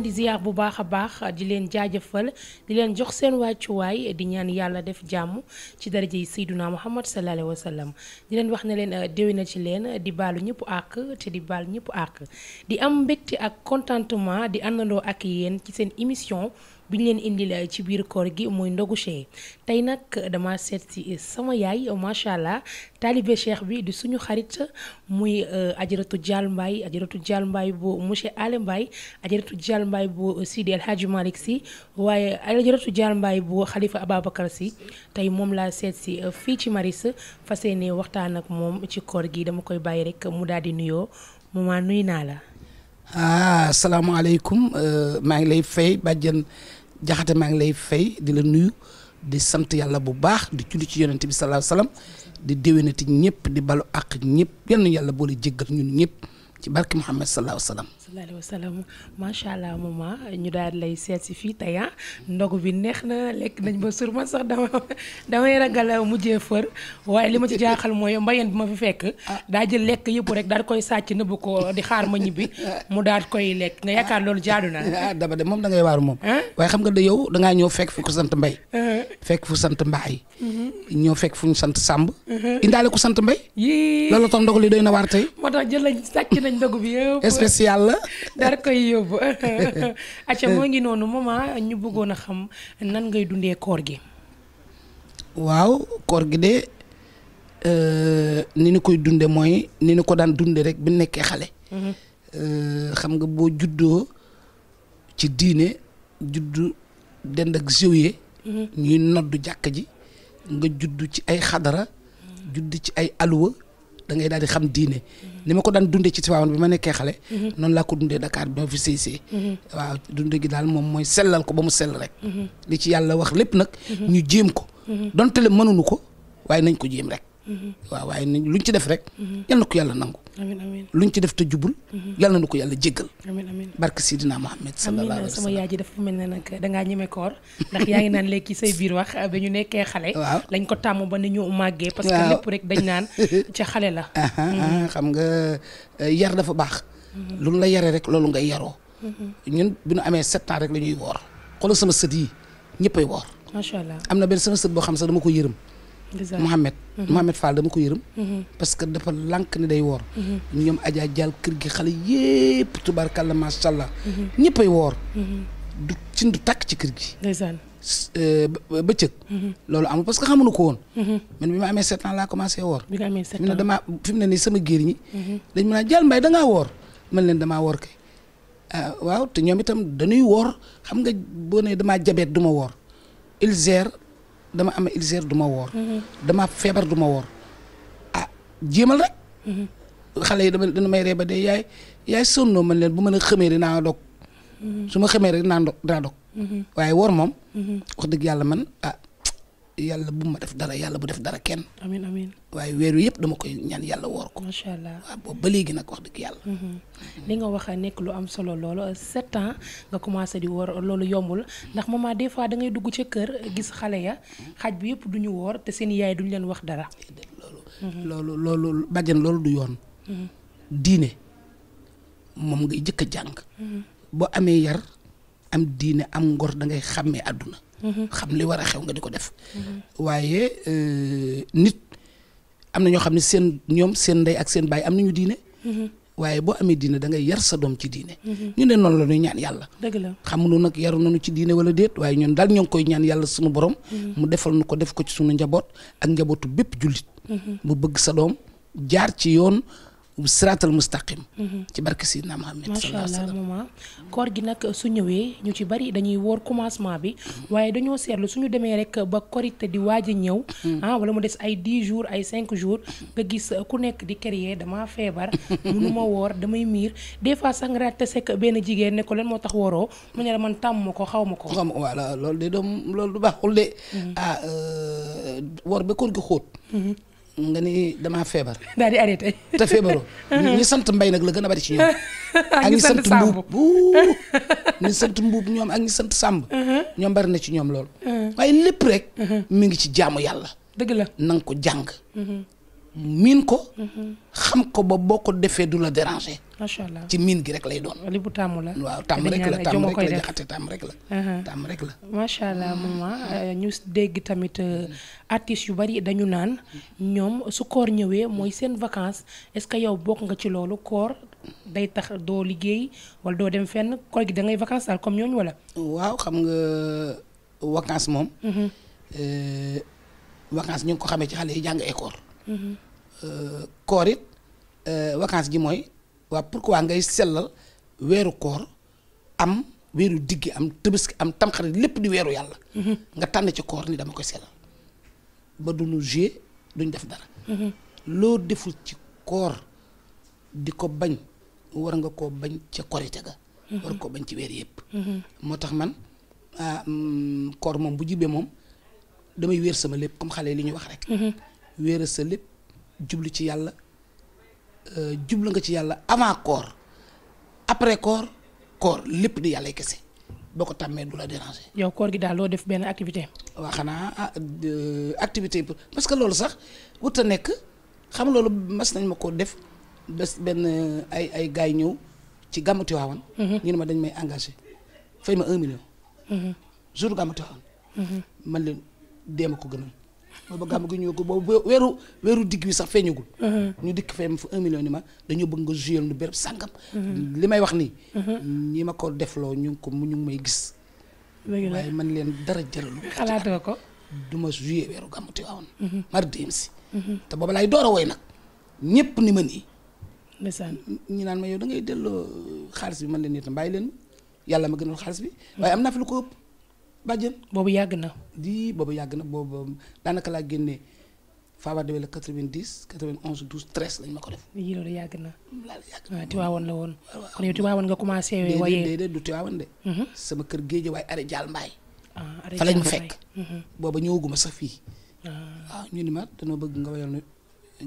leen di ziar bu baax a baax di leen jaajëfal di leen jox seen wàccuwaay di ñaan yàlla def jàmm ci daraja yi sayduna muhammad sallallahu alayhi wa sallam di leen wax ne leen euh, déwé na ci leen di baalu ñëpp àkk te di baal ñëpp àkk di am mbégte ak contentement di àndandoo ak yéen ci seen émission bi ñu leen indil eh, ci biir koor gi mooy ndogu Cheikh tey nag eh, dama seet si eh, sama yaay macha allah taalibe Cheikh bi di suñu xarit muy ajaratu Dial Mbaye ajaratu Dial Mbaye bu monsieur Ale Mbaye ajaratu Dial Mbaye bu Sidi El Hadji Malick waaye ajaratu Dial Mbaye bu xalifa Ababacar si tey moom la seet si fii ci Maris fas yéene waxtaan ak moom ci koor gi dama koy bàyyi rek mu daal di nuyoo maman nuyu naa la. ah salaamaaleykum maa ngi lay fay bàjjen. jaxate maa ngi lay fay di la nuyu di sant yàlla bu baax di julli ci yonent bi salaahu salaam di déwénati ñëpp di balu àq ñëpp yal na yàlla boole jéggal ñun ñëpp ci barke Muhammad salaahu salaam. wa sallam macha allah maman ñu daal lay seet si fii tey ah. ndogu bi neex na lekk nañ ba sur man sax dama damay ragal mujjee fër waaye li ma ci jaaxal mooy mbayeen bi ma fi fekk. daa jël lekk yëpp rek daal koy sàcc nëbb ko di xaar ma ñibbi mu daal koy lekk nga yaakaar loolu jaadu na. ah, ah dama de da ngay waaru moom. Ah? waaye xam nga de yow da ngaa ñëw fekk fu ko sant mbay. fekk fu sant mbaay. Mhm. ñëw fekk fu ñu sant sàmb. Mhm. indaale ko sant mbay. loolu tax ndogu li doy na waar tey. moo tax jël nañ sàcc nañ ndogu bi yëpp. dara koy yóbbu acca moo ngi noonu maman ñu bëggoon a xam nan ngay dundee koor gi waaw koor gi de euh, ni ñu koy dunde mooy ni ñu ko daan dunde rek bi nekkee xale mhm. euh, xam nga boo juddoo ci diine juddu dend ak zawiya mhm. ñuy noddu jàkk ji nga juddu ci ay xadara mhm. juddu ci ay alwa da ngay daal di xam diine. ni ma ko daan dundee ci Tivaouane bi ma nekkee xale. Mhm. noonu laa ko dundee Dakar bi ma fi sëy sëy mhm. waaw dund gi daal moom mooy sellal ko ba mu sell rek. Mhm. li ci yàlla wax lépp nag. ñu jéem ko. donte le mënuñu ko waaye nañ ko jéem rek. waaw waaye ni luñ ci def rek. Mhm. na ko yàlla nangu. amiin amiin luñ ci def te jubul. Mhm. yal na ko yàlla jéggal. amiin amiin barke Sidina Mohamed. sallallahu alayhi wa sallam sama yaay ji dafa mel ne nag dangaa ñeme koor ndax yaa ngi naan léegi say biir wax ba ñu nekkee xale. waaw lañ ko tàmm ba ni ñu màggee. parce que lépp rek dañ naan ca xale la. Ah, ah, ah, mhm. xam nga eh, yar dafa baax. lu la yaree rek loolu ngay yaroo. ñun bi ñu amee sept ans la ñuy woor xoolal sama sët yi ñëppay woor. macha am na benn sama sët boo xam sax dama ko yërëm Mouhamed Mouhamed mhm. Fall dama ko yërëm mhm. parce que dafa lànk ne day woor mhm. ñoom Adja Dial kër gi xale yépp tubaarkàlla macha allah ñëppay woor du cin du tàkk ci kër gi euh, bëccëg loolu amul parce que xamuñu ko woon man bi ma amee sept ans laa commencé woor bi nga amee sept ans ne damaa fi mu ne nii sama géer ñi dañ mën a Dial Mbaye dangaa woor man leen damaa woor kay ah, waaw te ñoom itam dañuy woor xam nga boo nee damaa jabeet du woor ils gèrent dama am ulcère du ma woor. Mhm. dama feebar du ma woor ah jéemal rek. Mhm. xale yi dama dina may ree ba de yaay yaay sonnoo man leen bu mën a xamee rek naa dog. Mhm. su ma xamee rek naa dog daa dog. waaye woor moom. wax dëgg yàlla man ah yàlla bu ma def dara yàlla bu def dara kenn. amiin amiin waaye weer wi yëpp dama koy ñaan yàlla woor ko. macha allah waaw boobu ba léegi nag wax dëgg yàlla. Mm-hmm. li nga wax nekk lu am solo loolu sept ans nga commencé di woor loolu yombul ndax maman des fois da ngay dugg ca kër gis xale ya xaj bi yëpp du ñu woor te seen yaay duñu leen wax dara. Mm-hmm. loolu loolu bàjjen loolu du yoon. Mm-hmm. diine moom ngay jëkk a jàng. boo amee yar am diine am ngor da ngay xàmmee àdduna. xam li war a xew nga di ko def. Mm-hmm. waaye euh, nit am na ñoo xam ne seen ñoom seen ndey ak seen baay am nañu diine. Mm-hmm. waaye boo amee diine da ngay yar sa doom ci diine. Mm-hmm. ñu ne noonu la ñuy ñaan yàlla. dëgg la xamuñu nag yaru nañu ci diine wala déet waaye ñun daal ñoo ngi koy ñaan yàlla suma borom. mu defal nu ko def ko ci sunu njaboot ak njabootu bépp jullit. mu bëgg sa doom jaar ci yoon. siraatal mustaqim mhm. ci barke Seydina Muhammad macha allah maman koor gi nag su ñëwee ñu ci bari dañuy woor commencement bi mhm. waaye dañoo seetlu ñu demee rek ba korite di waaj a ñëw mhm. ah wala mu des ay 10 jours ay cinq jours nga gis ku nekk di kër yee damaa feebar munu ma woor damay miir des fois sax nga te sekk benn jigéen ne ko lan moo tax woroo mu ne man tàmm ma ko xaw ma ko xam loolu de doom loolu du baaxul de ah euh, woor ba koor gi xóot nga ni damaa feebar. daal di arrêté te feebaroo. ñi sant mbay nag la gën a bari ci ñoom. ak ñi sant mbuub ñi sant mbuub ñoom ak ñi sant sàmb. Uh-huh. ñoom bari na ci ñoom lool. Uh-huh. waaye lépp rek. Uh-huh. mi ngi ci jaamu yàlla. dëgg la na ko jàng. miin ko. Mhm. xam ko ba boo ko defee du la déranger. macha allah ci miin gi rek lay doon. li bu tàmm la waaw tàmm rek la tàmm rek la jaxate tàmm rek la. Uh-huh. tàmm rek la. macha allah mm. maman euh, ñu dégg tamit euh, mm. artistes yu bari dañu naan ñoom su koor ñëwee mooy seen vacances est-ce que yow bokk nga ci loolu koor day tax doo liggéey wala doo dem fenn koor gi dangay ngay vacances daal comme ñooñu wala. waaw xam nga vacances moom. Mm-hmm. Euh, vacances ñu ngi ko xamee ci xale yi jàng école. Euh, koor it euh, vacances ji mooy waa pourquoi ngay sellal weeru koor am weeru diggi am tëbaski am tamxarit lépp di weeru yàlla. nga tànn ci koor ni dama koy sellal ba du ñu jouer duñ def dara. loo deful ci koor di ko bañ war nga koo bañ ca korite ga. war koo bañ ci weer yëpp. moo tax man ah, mm, koor moom bu jibee moom damay wéer sama lépp comme xale li ñu wax rek. wéera sa lépp jublu ci yàlla euh, jublu nga ci yàlla avant koor après koor koor lépp di yàlla kese boo ko tàmmee du la déranger. yow koor gi daal loo def benn activité. waaw xanaa ah, activité pour parce que loolu sax wut a nekk xam loolu mas nañ ma ko def bés benn ay ay gars yi ñëw ci gàmmu Tiwaawan. Mhm. ñu ne ma dañ may engagé fay ma un mhm. jour gàmmu Tiwaawan. Mhm. man leen deema ko gënal. boobu gàmm gi ñëw ko boobu weeru weeru digg bi sax feeñagul. Uh-huh. ñu dikk fee fa un million ni ma dañoo bëgg nga joué lu béréb sàngam. Uh-huh. li may wax nii. Uh-huh. ñi ma ko defloo ñu ngi ko ñu ngi may gis. waaye man leen dara jëralu. xalaatoo ko du ma joué weeru gàmm te waawoon. mar te boobu laay door a woy nag ñëpp ni ma nii. ndeysaan ñi naan ma yow da ngay delloo xaalis bi man leen itam bàyyi leen yàlla ma gënal xaalis bi. waaye am naa fi lu ko bàjjen boobu yàgg na. di boobu yàgg na boobu daanaka laa génnee Faaba Deme la 90 91 12 13 lañ ma ko def. yii loolu yàgg na. yàgg la woon. kon yow Tiwaawoon nga commencé. waaye du Tiwaawoon de. Mhm. sama kër géej waaye Are Jaal Mbaay. ah Are Jaal Mbaay fa lañ ma fekk. booba ñëwaguma sax fii. Ah. waaw ñu ni ma danoo bëgg nga wayal nu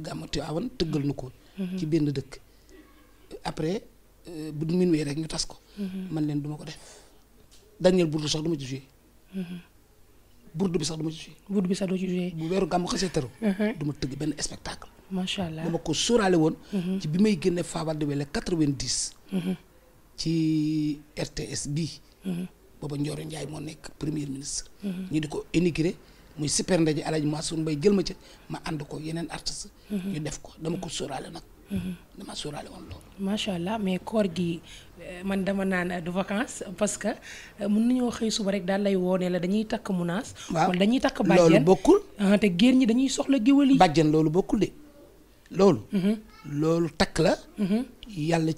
gàmmu Tiwaawoon tëggal nu ko. Mhm. ci benn dëkk. après euh, bu min wee rek ñu tas ko. Mhm. man leen duma ko def. Daniel Bourdieu sax du ma burdu bi sax du ma ci joué. burdu bi bu weeru gàmmu xasee tëru. Uh-huh. ma tëgg benn spectacle. macha allah dama ko sóoraale woon. Uh-huh. ci bi may génne Fabade Wele 90. ci RTS bii. Uh-huh. booba Ndioro Ndiaye moo nekk premier ministre. ñu di ko énigré muy super ndaje El Hadj Mansour Mbaye jël ma ca ma ànd ko yeneen artistes. ñu def ko dama ko sóoraale nag. dama sóoraale woon loolu. macha allah mais koor gi eh, man dama naan eh, du vacance parce que eh, mën nañoo xëy suba rek daal lay woone la dañuy takk munaas. waaw wala dañuy takk ah, bàjjen loolu bokkul. te géer ñi dañuy soxla géwël yi. bàjjen de loolu. Mhm. loolu takk la. Mhm. yàlla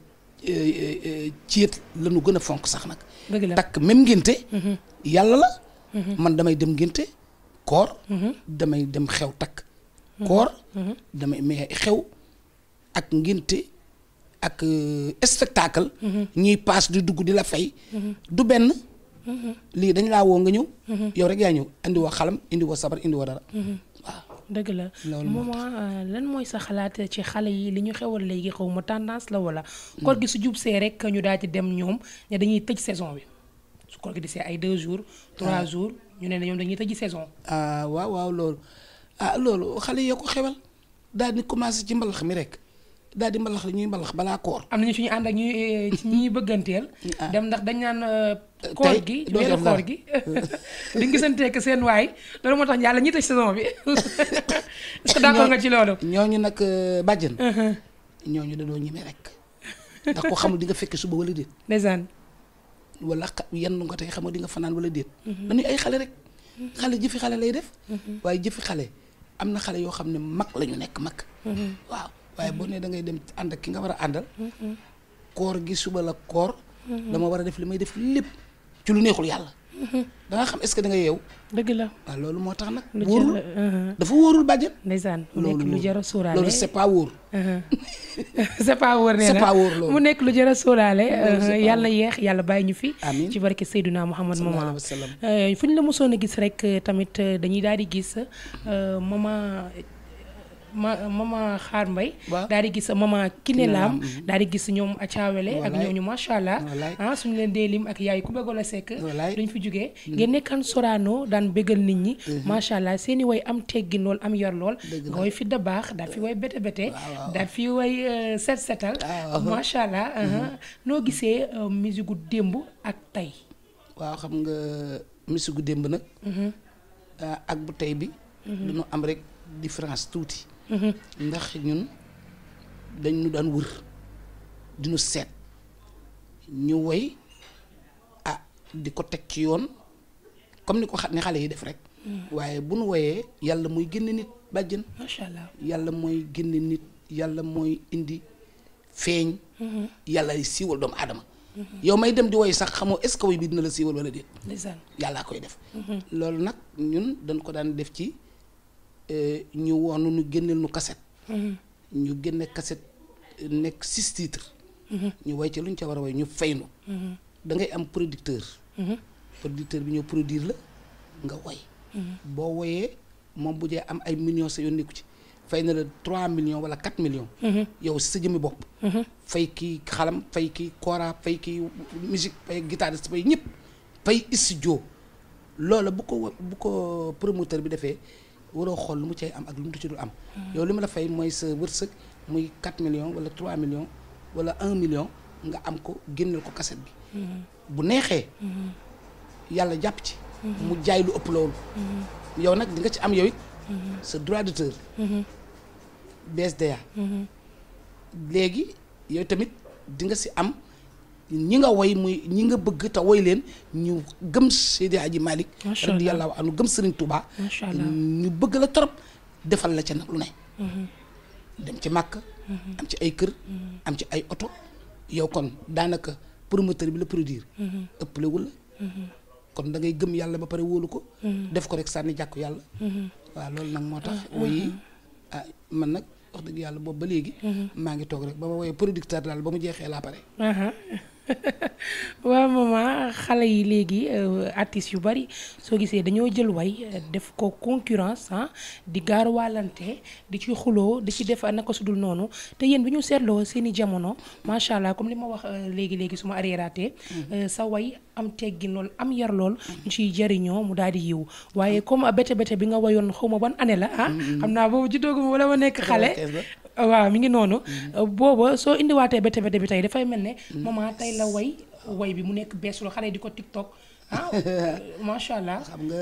ceet la gën a fonk sax nag. dëgg la takk même ngénte. Mhm. yàlla la. man damay dem ngénte koor. damay dem xew takk. koor damay mais xew. ak ngénte ak euh, spectacle. Mm-hmm. ñiy paas du dugg di la fay. Mm-hmm. du benn. Mm-hmm. lii dañ laa woo nga ñëw. yow rek yaa ñëw indi woo xalam indi woo sabar indi woo dara. dëgg la maman euh, lan mooy sa xalaat ci xale yi li ñu xewal léegi xaw ma tendance la wala. Mm. koor gi su jub see rek ñu daal di dem ñoom ne dañuy tëj saison bi su koor gi di see ay deux jours trois ah. jours ñu ne ñoom dañuy tëj saison. Ah, waaw waaw loolu ah loolu xale yoo ko xewal daal di commencé ci mbalax mi rek. daal di la ñuy mbalax balaa koor. am na ñu ñu ànd ak ñuy eh, ñuy bëgganteel. Ah. dem ndax dañ naan eh, koor gi weeru koor gi. di gisantee ak seen waay loolu moo tax yàlla ñi tëj saison bi sa ce que d'accord nga ci loolu. ñooñu nag eh, bàjjen. Uh-huh. ñooñu dañoo ñeme rek ndax ko xamul di nga fekk suba wala déet. ndeysaan. wala yenn nga tey xam nga di nga fanaan wala déet. Uh-huh. dañuy ay xale rek. Uh-huh. xale jëfi xale lay def. waaye jëfi xale am na xale yoo xam ne mag lañu nekk mag. waaw. waaye boo nee da ngay dem ànd ak ki nga war a àndal. Mm-hmm. koor gi suba la koor. Mm-hmm. dama war a def li may def lépp ci lu neexul yàlla. Mm-hmm. da nga xam est-ce que da nga yeew. dëgg la waaw loolu moo tax nag. wóorul uh-huh. dafa wóorul bàjjen. ndeysaan mu nekk lu jar a sóoraale loolu c'est uh-huh. pas wóor. mu nekk lu jar a sóoraale. yàlla yeex yàlla bàyyi ñu fi. amiin ci barke Seydina Mouhamad maman. Uh, fu ñu la mosoon gis rek uh, tamit uh, dañuy daal di gis maman. ma mama xaar mbay daal di gis mama Kiné Lam mhm. daal di gis ñoom acaawele ak ñu macha allah ah suñu leen dee lim ak yaay ku bëggoon a sekk duñ fi jógee mhm. ngeen nekkaan Sorano daan bëggal nit ñi mhm. macha allah seeni i way am teggin lool am yor lool nga way fi da baax daf fi way bete bete daal fi way euh, set setal macha allah uh-huh. noo gisee euh, musique gu démb ak tey waaw xam nga musique gu démb nag euh, ak bu tey bi dañu am rek différence tuuti Mm-hmm. ndax ñun dañ nu daan wër di seet ñu woy a ah, di ko teg ci yoon comme ni ko xa xale yi def rek. Mm. waaye bu nu woyee yàlla mooy génne nit bàjjen. macha allah yàlla mooy génne nit yàlla mooy indi feeñ. Mm-hmm. yàlla ay siiwal doomu aadama. Mm-hmm. yow may dem di woy sax xamoo est-ce dina la siiwal wala déet. yàllaa koy def. loolu nag ñun dañ ko daan def ci. Euh, ñu woonu ñu génneel nu kaset mm-hmm. ñu génne kaset euh, nekk six titres mm-hmm. ñu way ci lu ñu ca war a way ñu fay nu mm-hmm. da am producteur producteur bi ñoo produire la nga way boo woyee moom bu dee am ay millions sa yoon nekku ci fay na la trois millions wala quatre millions yow si sa jëmmi bopp fay kii xalam fay kii kora fay kii musique fay guitariste fay ñëpp fay studio loola bu ko bu ko promoteur bi defee waroo xool lu mu cay am ak lu mu ci dul am. yow li ma la fay mooy sa wërsëg muy 4 millions wala 3 millions wala 1 million nga am ko génneel ko kaset bi. bu neexee. yàlla jàpp ci. mu jaay lu ëpp loolu. yow nag di nga ci am yow it. sa droit d'auteur. BSDA. Mm-hmm. léegi yow tamit di nga am. ñi nga woy muy ñi nga bëgg te woy leen ñu gëm Seydi Hadji Malick radiyallahu anhu gëm Serigne Touba ñu bëgg la torop defal la ca nag lu ne mhm. dem ci màkk mhm. am ci ay kër mhm. am ci ay oto yow kon daanaka promoteur bi la produire ëppalewul la kon yàlla ba pare wóolu ko def ko rek sànni jàkku yàlla waaw loolu nag moo tax ah, woyi ah. ah man nag wax dëgg yàlla boobu ba léegi maa ngi toog rek ba ma woyee producteur daal ba mu jeexee laa pare uh-huh. waaw maman xale yi léegi euh, artistes yu bari soo gisee dañoo jël way euh, def ko concurrence ah di gaaruwaalante di ci xuloo di ci def ko sudul noonu te yéen bi ñu seetloo seen i jamono macha allah comme li ma wax euh, léegi léegi su ma arriéraatee mm-hmm. sa way am teggin noonu am yar lool mm-hmm. ñu ciy jëriñoo mu daal di yiw waaye comme bete bete bi nga wayoon xaw ma ban année la ah, mm-hmm. xam naa boobu juddoo gu ma wala ma nekk xale. Euh, waaw mi ngi noonu. Mm-hmm. Euh, booba soo indiwaatee bete bete bi tey dafay mel ne. Mm-hmm. maman tey la way bi mu nekk bees lu xale di ko tiktok ah macha allah. nga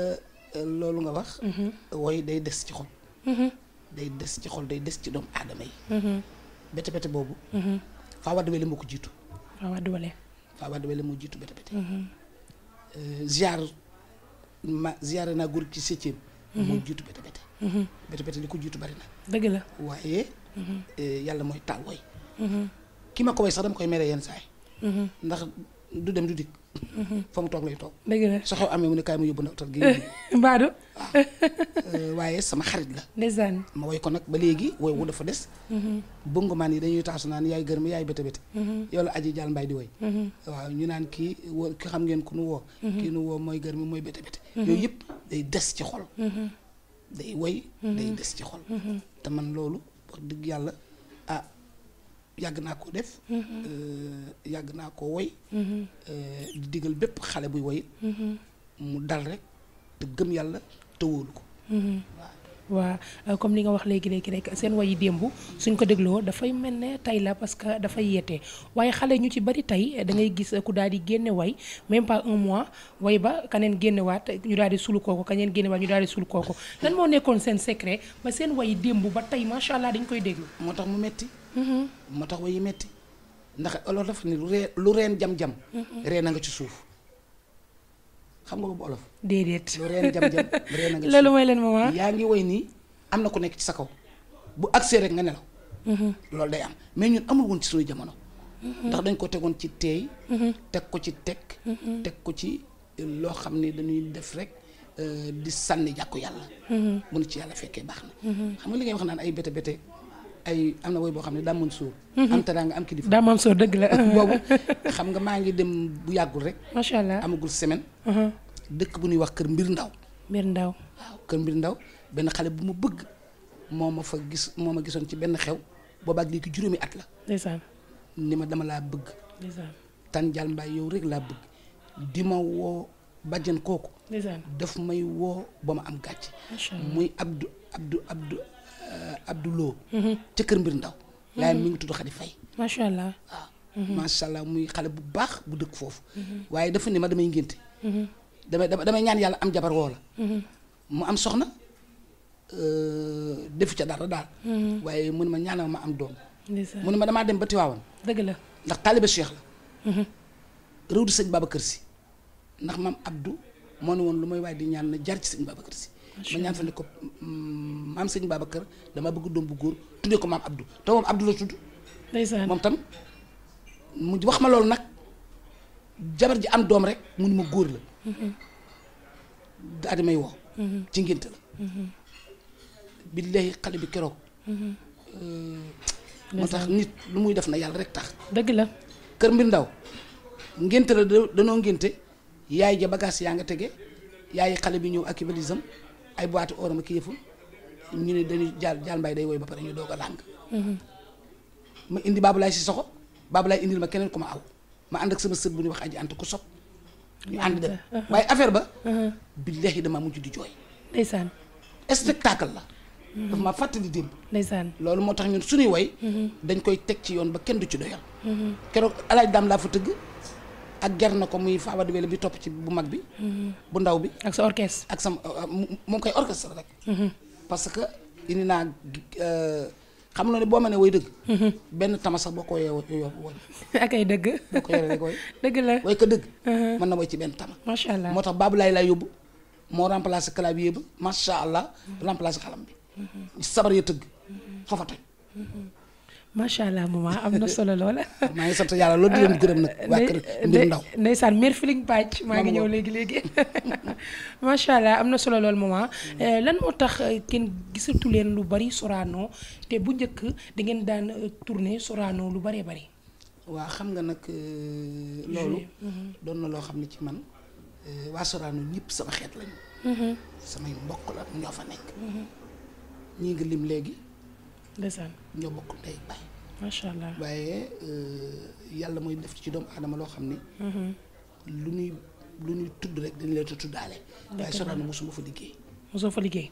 euh, loolu nga wax. Mm-hmm. way day des ci xol. day des ci xol day des ci doomu aadama yi. bete bete boobu. Faa Wade Wele bete bete. ma ziare bete bete. bete bete li ko jiitu bari na. dëgg la Eh, yàlla mooy taal woy mhm. ki ma ko woy sax dama koy mere yenn saay mhm. ndax du dem du dikk mhm. fa mu toog lay toog dëgg la su xew amee mu ne kaay mu yóbbu na utal gi baadu waaw eh, waaye sama xarit la ndeysaan ma woy ko nag ba léegi woy wu dafa des bëngumaan yi dañuy taasu naan yaay gërëm yaay bété bété yow la aji jàll mbaay di woy waaw ñu naan kii woo ki xam ngeen ku nu woo kii nu woo mooy gërëm mooy bété bété yooyu yëpp day des ci xol day woy day des ci xol te man loolu wax dëgg yàlla ah yàgg naa ko def. Mm-hmm. Euh, yàgg naa ko woy. Mm-hmm. Euh, di digal bépp xale buy woy. Mm-hmm. mu dal rek te yàlla te ko. waa euh, comme li nga wax léegi léegi rek seen wayi démb suñ ko dégloo dafay mel ne tey la parce que dafay yeete waaye xale ñu ci bari tey da ngay gis ku daal di génne way même pas un mois way ba kaneen génnewaat ñu daal di sulu kooku kaneen génnewaat ñu daal di sulu kooku lan moo nekkoon seen secret ba seen wayi démb ba tey macha allah dañ koy déglu. moo tax mu metti mm-hmm. moo tax yi metti ndax olof dafa reen lu reen jam-jam. Mm-hmm. reen a nga ci suuf. xam nga ko bu olof. déedéet lu reen jam jam lu reen a nga. loolu mooy leen maman yaa ngi woy nii am na ku nekk ci sa kaw bu accès rek nga nelaw. Mm-hmm. loolu day am mais ñun amul woon ci suñu jamono. Mm-hmm. ndax dañ ko tegoon ci teey. Mm-hmm. teg ko ci teg. teg ko ci loo xam ne dañuy def rek euh, di sànni jàkku yàlla. mun ci yàlla fekkee baax na. xam nga li ngay wax naan ay bete bete. ay am na woy boo xam ne daa mën sóor mhm. am teraanga am kilifa dëgg la boobu xam nga maa ngi dem bu yàggul rek macha allah amagul semaine mhm. dëkk bu ñuy wax kër mbir ndaw mbir ndaw waaw kër mbir ndaw benn xale bu ma bëgg moo ma fa gis moo ma gisoon ci benn xew boobaak léegi juróomi at la ni ma dama laa bëgg ndeysaan tan jal mbaay yow rek laa bëgg di ma woo bàjjan kooku daf may woo ba ma am gàcc muy abdu abdu abdu Euh, Abdoulou. Mhm. ca kër mbir ndaw. yaayam mi ngi tudd Khady Faye. macha mhm. allah muy xale bu baax bu dëkk foofu. Mhm. waaye dafa ne ma damay ngénte. damay damay ñaan yàlla am jabar woo la. mu am soxna euh, defu ca dara daal. waaye mun ma ñaanal ma am doom. mun ma damaa dem ba Tiwaawan. dëgg la ndax taalibe Cheikh la. réew di sëñ Babacar si ndax maam Abdou moo ne woon lu may waaye di ñaan na jar ci sëñ Babacar si. ma ñaan fa ne ko mm, maam sëñ kër dama bëgg doom bu góor tuddee ko maam Abdou te moom moom tam mu wax ma loolu nag jabar ji am doom rek mu ni ma góor la. daa di may woo. ci ngénte la. billaahi xale bi keroog. moo tax nit lu muy def na yàlla rek tax. dëgg la. kër mbir ndaw ngénte la danoo ngénte yaay ja bagaas yaa nga tege yaay xale bi ñëw ak i valisam ay boîte oram ak yëfu ñu ne dañuy jaal jaal mbay day woy ba pare ñu doog a làng. Mhm. ma indi Babalaye si soxo Babalaye indil ma keneen ku ma aw ma ànd ak sama sët bu ñuy wax aji ant ku sob ñu ànd dem waaye affaire ba. Mhm. billahi dama mujj di jooy. ndeysaan. spectacle la. Mhm. dafa ma fàttali démb. ndeysaan loolu moo tax ñun suñuy woy. dañ koy teg ci yoon ba kenn du ci doyal. keroog alaaj daam laa fa tëgg. ak ger na ko muy Faba bi topp ci bu mag bi. Mm-hmm. bu ndaw bi. ak sa orchestre. ak sama euh, moom koy orchestre rek. Mm-hmm. parce que indi naa euh, xam nga ne boo ma ne way dëgg. Mm-hmm. benn tama sax boo ko yeewoo yóbbu woon. ak ay dëgg. boo ko yoree rek woy. dëgg mën na woy ci benn tama. macha allah moo tax Babou Laye laay yóbbu moo remplacé clavier ba macha allah remplacé xalam bi. sabar ya tëgg xafa toj macha allah maman ah, am na solo loola. maa ngi sant yàlla loolu di leen gërëm nag. Euh, waa kër Mbir Ndaw ndeysaan mère Feeling Badj maa ngi ñëw léegi léegi. macha allah am na solo lool maman ah. mm. euh, lan moo tax euh, kenn gisatu leen lu bari Sorano te bu njëkk da ngeen daan tourner soraano lu baree bari. waa xam nga nag loolu. Mm-hmm. doon na loo xam ni ci man waa Sorano ñëpp sama mm-hmm. samay mbokk la ñoo fa nekk. Mm-hmm. ñii nga lim léegi. ndeysaan ñoo bokk ndey bay macha allah waaye euh, yàlla mooy def ci doomu aadama loo xam ni. Mm-hmm. lu ñuy lu ñuy tudd rek dañu leen a tuddaale. waaye Sorano mosuma fa liggéey. mosoo fa liggéey.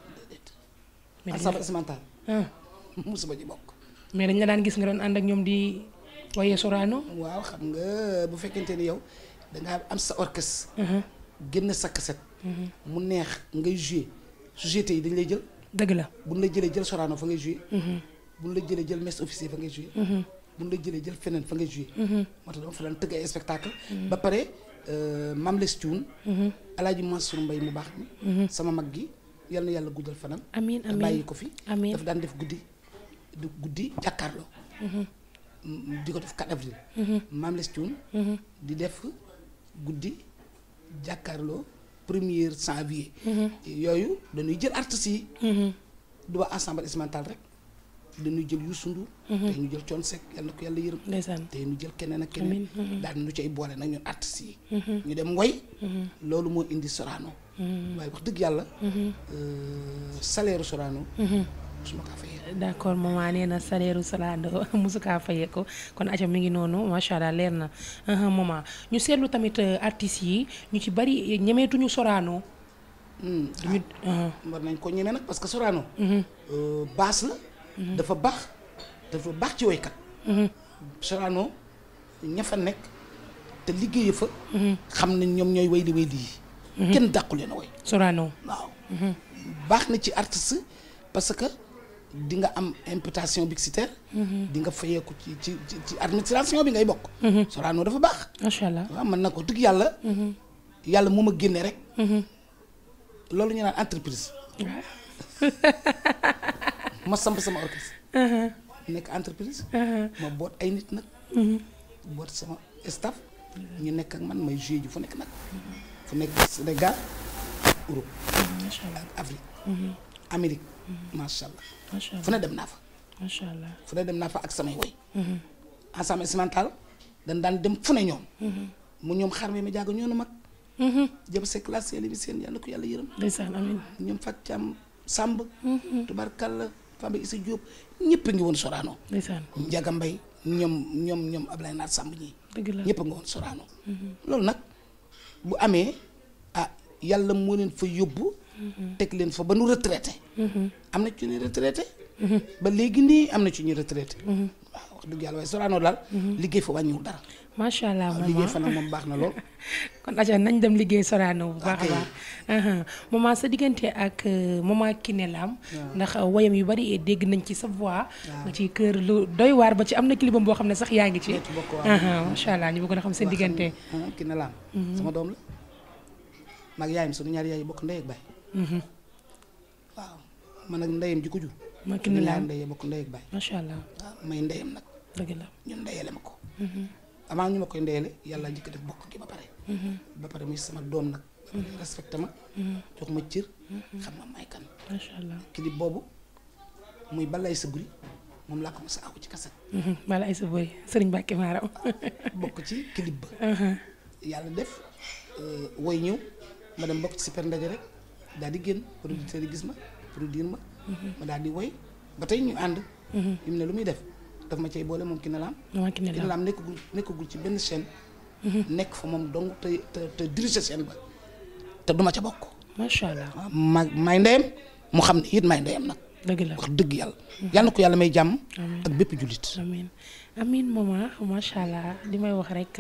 mais dañu assemblée ah. mosuma ci bokk. mais dañ la daan gis nga doon ànd ak ñoom di waaye Sorano. waaw xam nga bu fekkente ni yow da ngaa am sa orchestre. Mm-hmm. génn sa kaset. Mm-hmm. mu neex ngay joué société yi dañ lay jël. dëgg la bu ñu la jëlee jël Sorano fa ngay joué. buñ la jëlee jël mess officier fa ngay joué. Mhm. buñ la jëlee jël feneen fa ngay joué. Mhm. moo tax dama fa daan tëgg ay spectacle mhm. ba pare euh, Mame Less Thioune. Alaaji Mansour Mbaye mu baax mi. sama mag gi yal na yàlla guddal fanam. amiin amiin bàyyi ko fi. amiin dafa daan def guddi du guddi jàkkaarloo. di ko yooyu dañuy jël artistes yi. du waa assemblée rek. dañuy jël Youssou Ndour tey mhm. ñu jël Thione Seck yal na ko yàlla yërëm ndeysaan tey ñu jël keneen ak keneen mhm. daal ñu cay boole nag ñun artistes yi mhm. ñu ko kon acam mi ngi noonu macha allah leer na seetlu tamit euh, artistes yi ñu ci bari euh, ñemeetuñu Sorano hmm. ah. war nañ ko ñeme nag parce que euh, baas la Mm-hmm. dafa baax dafa baax ci woykat mm-hmm. Sorano ña fa nekk te liggéey fa mm-hmm. xam ne ñoom ñooy way di way di yi kenn dàqu leen a way waaw baax na ci artiste parce que di nga am imputation publicitaire di fayeeku ci ci ci administration bi ngay bokk Sorano dafa baax macha allah waaw man na ko dugg yàlla yàlla mu ma génne rek loolu ñu naan entreprise ma samp sama orchestre. Uh-huh. nekk entreprise. Uh-huh. ma boot ay nit nag. Uh-huh. boot sama staff. ñu nekk ak man may joué ji fu nekk nag. fu nekk Sénégal Europe. macha allah ak Afrique. Amérique. macha allah. macha allah fu ne dem naa fa. macha allah fu ne dem naa fa ak samay woy. ensemble instrumental dañ daan dem fu ne ñoom. mu ñoom xar mi ma jàng mag. jëm sa classe yàlla yàlla ko yàlla yërëm. ndeysaan amiin ñoom Fatou Thiam Fambé Issa Diop ñëpp a ngi woon Sorano. ndeysaan Ndiaga Mbaye ñoom ñoom ñoom Ablaye Naar Samb ñii. dëgg la ñëpp woon Sorano. Mhm. loolu nag bu amee a ah, yàlla moo leen fa yóbbu. Mhm. teg leen fa ba nu retraité. Mhm. am na ci ñu retraité. ba léegi nii am na ci ñu retraité. waaw. wax yàlla waaye daal. Mhm. liggéey fa wàññiwul dara. macha allah maman liggéey moom baax na lool. kon aja nañ dem liggéey Sorano bu baax a baax. Uh-huh. maman sa diggante ak uh, maman Kiné Lam. ndax uh, woyam yu bari eh, dégg nañ ci sa voix. ci kër lu doy waar ba ci am na clipam boo xam ne sax yaa ngi ci. Uh-huh. macha allah ñu bëgg na xam seen diggante. Uh-huh, Kiné Lam. Mm-hmm. sama doom la. mag yaayam sunu ñaari yaay bokk ndey ak baay. Mm-hmm. waaw man ak ndeyam ji ma Kiné Lam ndeyam bokk ndey ak baay. macha nag. dëgg la ñu ndeyale ma ko. avant ñu ma koy ndeyale yàlla njëkk def bokk gi ba pare. ba pare muy sama doom nag. respecté ma. jox ma cër. xam ma may kan. macha allah clip boobu muy balay sa guri moom laa ko mos a aw ci kaset. balay sa buri Serigne Mbacke Maraw. bokk ci clip ba. Uh-huh. yàlla def euh, woy ñëw ma dem bokk ci super ndaje rek daal di génn producteur yi gis ma produire ma. Uh-huh. ma daal di woy ba tey ñu ànd. yu uh-huh. muy def. daf ma cay boole moom Kiné Lam. waaw Kiné Lam Kiné Lam nekkagul ci benn chaîne. nekk fa moom dong te te te dirige chaîne ba te duma ca bokk. macha allah ah, may ndeyam mu xam ne it may ndeyam nag. dëgg la dëgg yàlla. yàlla ko yàlla may jàmm. ak bépp jullit. allah li may wax rek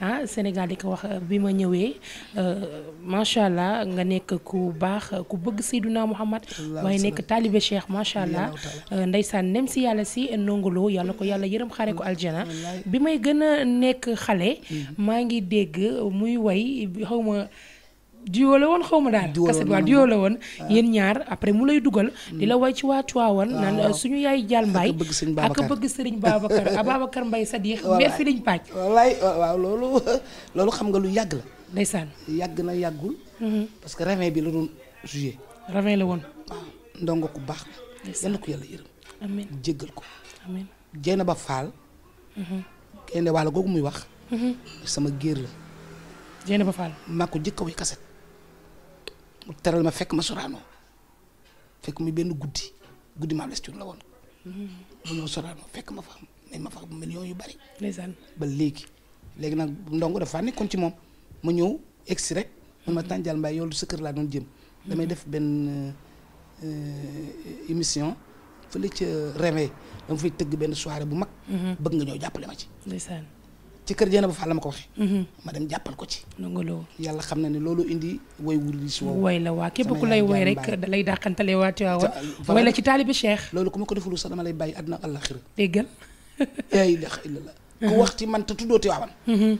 ah Sénégal di ko wax euh, bi ma ñëwee euh, macha allah nga nekk ku baax ku bëgg Seydina Muhammad waaye nekk taalibe Cheikh macha allah. Euh, ndeysaan nem si yàlla si Ndongo Lo yàlla ko yàlla yërëm xaare ko aljana bi may gën a nekk xale. Mm. maa ngi dégg muy way xaw ma diwo la woon xaw ma daal kaset waaw diwo la woon ah. yéen ñaar après mu lay dugal mm. di la way ci waa Tiwaawan naan suñu yaay Jaal Mbaay ak bëgg sëriñ Babacar Ababacar ah, Mbaye Sadikh mbir fi liñ pàcc wallaay waaw loolu loolu xam nga lu yàgg la ndeysaan yàgg na yàggul mm-hmm. parce que ravin bi la doon jugé ravin la woon ndongo ku baax la yal na ko yàlla yërëm jéggal ko amiin ba faal gaynde wàlla googu muy wax mm-hmm. sama géer la jeyna ba faal maa ko jëkka way kaset mu teral ma fekk ma Sorano fekk mu benn guddi guddi Mame les Thioune la woon. mu ñëw Sorano fekk ma fa may ma fa millions yu bari. ndeysaan ba léegi. léegi nag ndongo dafa nekkoon ci moom ma ñëw egg si rek man ma tànjal mbay yow sa kër laa doon jëm. damay def benn euh, émission fële ca Réveil dama fay tëgg benn soirée bu mag. Mhm. bëgg nga ñëw jàppale ma ci. ci kër Jeena ba Fall ma ko waxee. Mhm. ma dem jàppal ko ci. nangaloo yàlla xam na ne loolu indi woy wu riis woowu. woy la waa képp ku lay woy rek da lay dàqantale waa Tiwaawan. woy la ci taalibi Cheikh. loolu ku ma ko defulu sax dama lay bàyyi àddina ak àllaaxira. déggal. yaa ilaha illallah. ku wax ci man te tuddoo Tiwaawan. Mhm.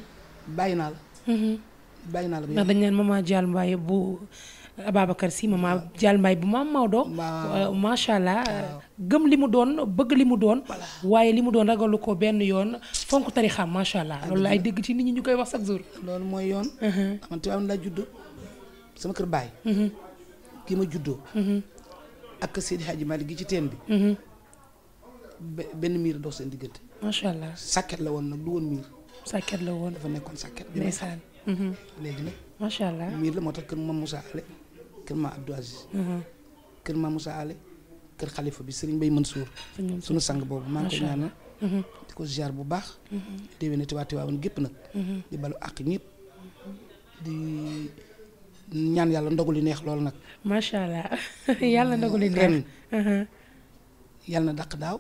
bàyyi naa la. Mhm. bàyyi naa la ba yow. ndax dañu naan maman Diall Mbaye bu. Ababacar Sy mama Dial Mbaye bu ma maam Maodo. Euh, macha allah euh, gëm li mu doon bëgg li mu doon. waaye li mu doon ragalu ko benn yoon fonk tarixam macha allah. loolu laay dégg ci nit ñu koy wax chaque jour. mooy yoon. Uh-huh. man Tiwaawan laa juddoo kër baay. Uh-huh. ma juddoo. Uh-huh. ak Seydi Hadji Malick gi ci teen miir dox seen diggante. macha allah la woon nag du la woon dafa nekkoon sàkket. la moo tax kër moom Moussa kër ma Abdou Aziz mhm. kër ma Moussa Ale kër xalifa bi Serigne Bay Mansour sunu sang boobu maa ngi koy ñaanal mhm. di ko ziar bu baax mhm. déwéne Tiwaa Tiwaawan gépp nag di balu àq ñëpp di ñaan yàlla ndogu li neex loolu nag macha allah yàlla ndogu li neex yàlla na dàq daaw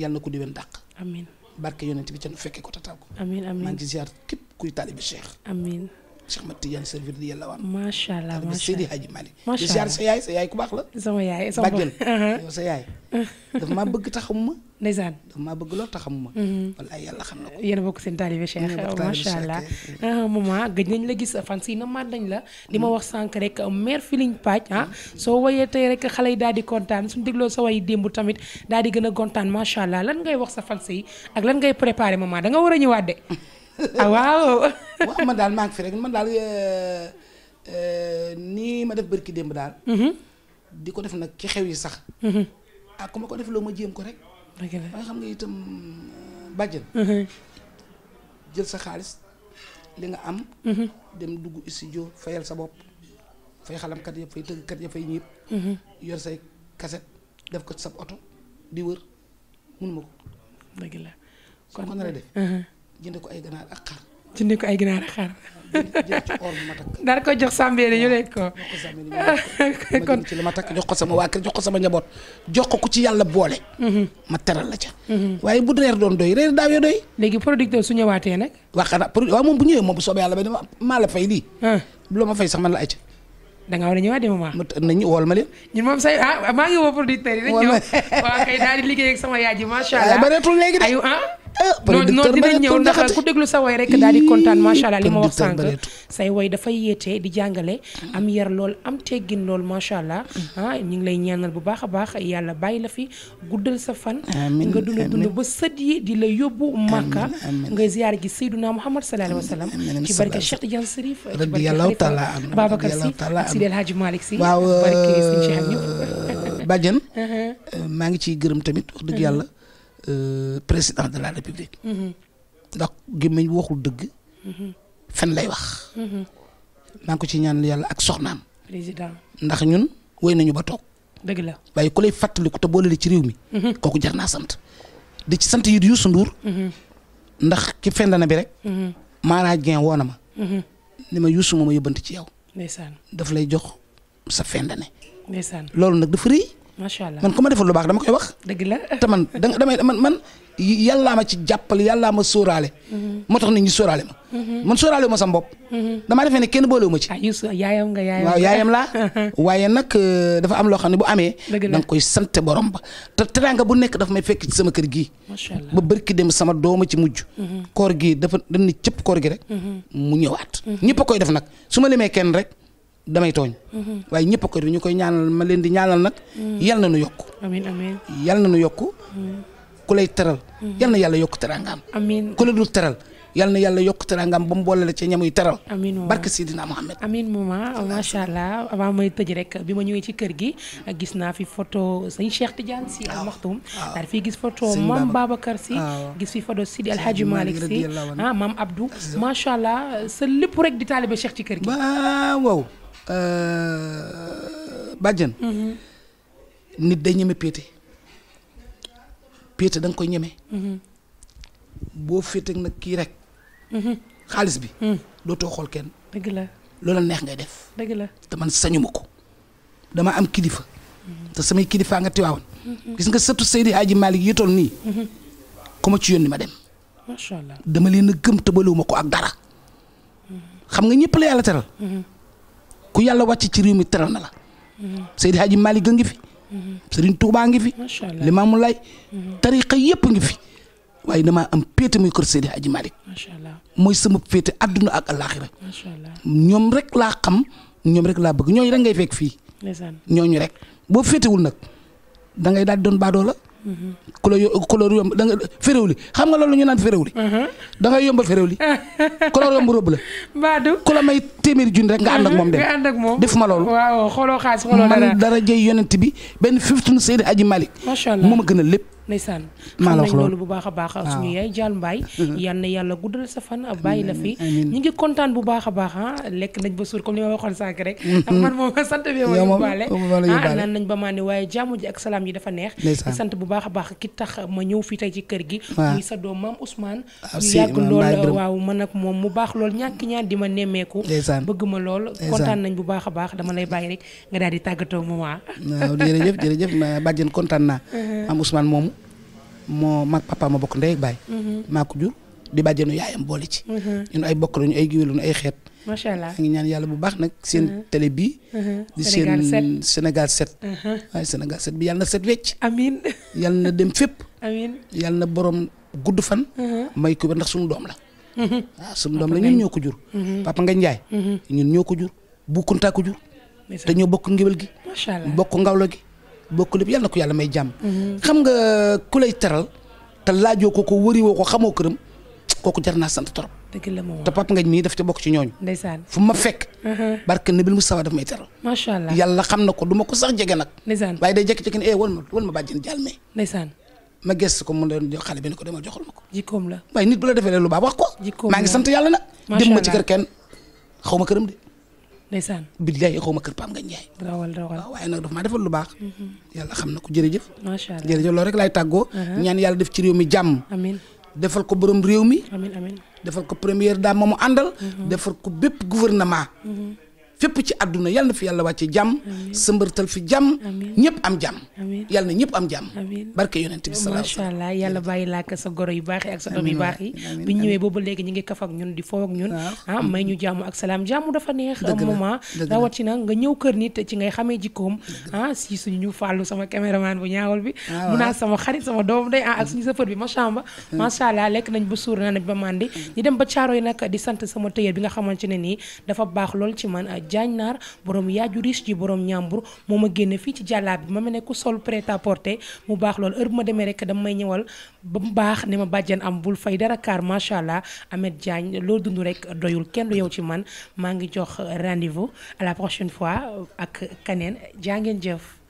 yàlla na ko déwén barke yonent bi nu fekkee ko tatal ko amiin maa ngi ziar képp kuy taalibi Cheikh amiin Cheikh Mat Tidiane servir di waan. macha allah macha allah Seydi Hadji Malick. macha allah sa yaay sa yaay ku baax la. sama uh-huh. sa maa bëgg taxamuma. ndeysaan dafa maa bëgg mm-hmm. xam na ko. bokk seen taalibe macha allah. maman gëj nañ la gis fan si na mat nañ la. li ma mm-hmm. wax sànq rek mère Feeling Patch ah mm-hmm. soo woyee tey rek xale yi daal di kontaan suñu dégloo sa way démb tamit daal di gën a kontaan macha allah lan ngay wax sa fan si ak lan ngay préparé maman danga war a ñëwaat de ah waaw. waaw man daal maa fi rek man daal euh, euh, nii ma def bërki démb daal. Mhm. di ko def nag ci xew yi sax. Mhm. ah ku ma ko def loo ma jéem ko rek. dëgg la xam nga itam euh, bàjjen. Mhm. jël sa xaalis li nga am. dem dugg studio fayal sa bopp fay xalamkat yëpp fay tëggkat yëpp fay ñëpp. yor say kaset def ko ci oto di wër mënuma ko. kon ko nar def. jënd ko ay ganaar ak xar. jënd ko ay ganaar ak xar. jël ci or bi ma ñu lekk kon ci li ma takk jox ko sama waa kër jox ko sama njaboot jox ko ku ci yàlla boole. Mhm. ma teral la ca. Mhm. waaye bu reer doon doy reer daaw yo doy. léegi producteur su ñëwaatee nag. waa xanaa producteur waaw moom bu ñëwee bu soobee yàlla ba dama maa la fay lii. Ah. loo ma fay sax man la ayca. da ngaa war a ñëwaat de maman. ma leen. ñun moom say ah maa ngi woo producteurs yi. wool ma waaw kay daal di liggéey ak sama yaay ji macha allah. bareetul léegi de ah? Ah, non non dinañ ñëw ndax ku déglu sa way rek daal di kontaan macha allah li ma wax sànq say way dafay yeete di jàngale am yar lool am teggin lool macha allah ah, ñu ngi lay ñaanal bu baax a baax yàlla bàyyi la fi guddal sa fan nga dund dund ba sët yi di la yóbbu màkka nga ziyaar gi sayduna muhammad sallallahu alayhi wa sallam ci barke Cheikh Tidiane Serif ci barke Babacar Si Sidi El Hadji Malick Si waaw bàjjen euh, uh-huh. euh, maa ngi ciy gërëm tamit wax dëgg uh-huh. yàlla Euh, président de la république. Mm-hmm. ndax gémmiñ waxul dëgg. Mm-hmm. fen lay wax. Mm-hmm. maa ngi ko ci ñaan yàlla ak soxnaam. président ndax ñun woy nañu ba toog. dëgg la waaye ku lay fàttaliku te boole li ci réew mi. kooku jar naa sant. di ci sant yi di Youssou Ndour. ndax ki fendana bi rek. Mara Dieng ma. ni ma Youssou moom a yóbbante ci yow. ndeysaan daf lay jox sa fendane. ndeysaan loolu nag dafa rëy. macha allah man ku ma defal lu baax dama koy wax. dëgg la te man damay man man yàllaa ma ci jàppale yàllaa ma sóoraale. Mm-hmm. moo tax nit ñi sóoraale ma. Mm-hmm. man sóoraale wu ma sama bopp. Mm-hmm. damaa defee ne kenn boolewu ma ci. ah Youssou yaayam nga yaayam waaw yaayam laa. waaye nag euh, dafa am loo xam ne bu amee. da nga koy sant borom ba te teraanga bu nekk dafa may fekk ci sama kër gi macha ba barki dem sama dooma ci mujj. koor gi dafa dañ ni cëpp koor gi rek. mu ñëwaat. ñëpp a koy def nag su ma limee kenn rek. damay tooñ. waaye ñëpp a ko ñu koy ñaanal ma leen di ñaanal nag. yal na nu yokk. amiin amiin yal na nu yokk. ku lay teral. Mm-hmm. yal na yàlla yokk teraangaam. amiin ku teral. yàlla na yàlla yokk teraangam ba mu boole la ca ñamuy teral. amiin maman barke Sidina Mohamed. amiin maman macha allah avant may tëj rek bi ma ñëwee ci kër gi gis naa fi photo sëñ Cheikh Tidiane Sy Al Maktoum. waaw daal fii gis photo maam Babacar si gis fi photo Sidi El Hadji Malick Sy ah maam macha allah sa lépp rek di taalibe Cheikh ci kër gi. waaw. Euh, bàjjen. Mm-hmm. nit day ñeme péete péete da nga koy ñeme. Mm-hmm. boo féeteeg nag kii rek. Mm-hmm. xaalis bi. Mm. dootoo xool kenn. dëgg la neex ngay def. dëgg sañu ma ko dama am kilifa. te samay nga tiwaawan. gis nga dama leen a gëm tëbalewuma ko ak dara. xam nga ñëpp la yàlla ku yàlla wàcc ci réew mi teral na la Seydi Hadji Malick ngi fi Serigne Touba ngi fi Limaamu Laay tariqa yëpp ngi fi waaye damaa am péete muy kër Seydi Hadji Malick mooy sama péete àdduna ak àllaaxira ñoom rek laa xam ñoom rek laa bëgg ñooñu rek ngay fekk fii ñooñu rek boo féetewul nag da ngay doon baadoo ku la couleur yomb da nga féréwli xam nga loolu ñu naan féréwli mhm. da ngay yombal féréwli couleur yomb rëbb la mbaadu ku la may téeméeri junni rek nga ànd mhm. moom dem nga ànd def ma loolu xooloo xaalis xooloo dara man dara jëy yonent bi benn fiftun Seydi Aji Malick moom a gën a lépp ndeysaan xam nañ loolu bu baax a baax suñu yaay Dial Mbaye mm-hmm. yal yàlla guddal sa fan bàyyi la fi ñu ngi kontaan bu baax a baax ah lekk nañ ba suur comme li ma waxoon sànq rek mm-hmm. ak man moom sant bi ma ah, ba maa waaye jàmm ji ak salaam yi dafa neex di sant bu baax a baax ki tax ma ñëw fii tey ci kër gi muy sa doom maam Ousmane ñu ah, yàgg waaw man ak moom mu baax lool ñàkk ñaar di ma nemmeeku bëgg ma lool kontaan nañ bu baax a baax dama lay bàyyi rek nga daal di tàggatoo moom ah. waaw jërëjëf jërëjëf bàjjen kontaan naa uh-huh. am Ousmane moom moo mag papa ma bokk ndey ak baay. Mhm. maa ko jur di bàjjenu yaayam boole ci. Mhm. ñun ay bokk lañu ay géwél lañu ay xeet. macha ngi ñaan yàlla bu baax nag seen mhm. télé bi di seen Sénégal 7 waaye Sénégal 7 bi yàlla na set wecc amiin yàlla na dem fépp yàlla borom gudd fan may ko ba ndax suñu doom la waaw suñu doom la ñun ñoo ko jur nga njaay ñun ñoo ko jur bu te ñoo bokk ngéwél gi bokk ngawlo gi bokk lépp yàlla na ko yàlla may jàmm. Mhm. xam nga ku lay teral te laajoo ko ko wëri woo ko xamoo këram kooku jar naa sant trop. dëgg la moom te Pape Ngagne mii daf ci bokk ci ñooñu. ndeysaan fu ma fekk. Mhm. barke Nabil Moustapha daf may teral. macha allah yàlla xam na ko du ko sax jege nag. ndeysaan waaye day jékki-jékki ne eh wal ma wal ma bàjjen ma gëstu ko mu doon jox xale ko demal joxal ma ko. jikkoom la waaye nit bu la defee lu baax wax ko. jikkoom la maa ngi sant yàlla nag. dem ma ci kër kenn xaw ma këram de ndeysaan billaay xaw ma kër Pape Ngagne Ndiaye rawal rawal waaw waaye nag daf maa defal lu baax mhm. yàlla xam na ko jërëjëf macha allah jërëjëf loolu rek laay tàggoo ñaan yàlla def ci réew mi jàmm amiin defal ko borom réew mi defal ko première dame moomu àndal mhm. defal ko bépp gouvernement mhm. fépp ci àdduna yal na fi yàlla wàcce jàmm sëmbërtal fi jàmm ñëpp am jàmm yal na ñëpp am jàmm barke yonent bi salaa sa goro yu baax yi ak sa doom yu baax yi bi ñëwee booba léegi ñu ngi kaf ak ñun di foow ak ñun ah may ñu jàmm ak salaam jàmm dafa neex moment rawatina nga ñëw kër nit ci ngay xamee jikkoom ah si suñu ñu fàllu sama caméraman bu ñaawal bi ah, mu naa sama xarit sama doom day ah ak suñu safar bi machamba macha allah hmm. lekk hmm. bi nga xamante ne nii dafa baax lool ci man ah, jaañ Naar borom yaaju riche ji boroom ñàmbur moo ma génne fii ci jàllaa bi ma ma ne ku sol prêt à mu baax loolu heure bu ma demee rek dama may ñëwal ba mu baax ne ma bàjjan am bul fay dara kaar macha allah Ameth Diagne loo dund rek doyul kenn du yow ci man maa ngi jox rendez-vous à la prochaine fois ak kaneen jaa ngeen jëf.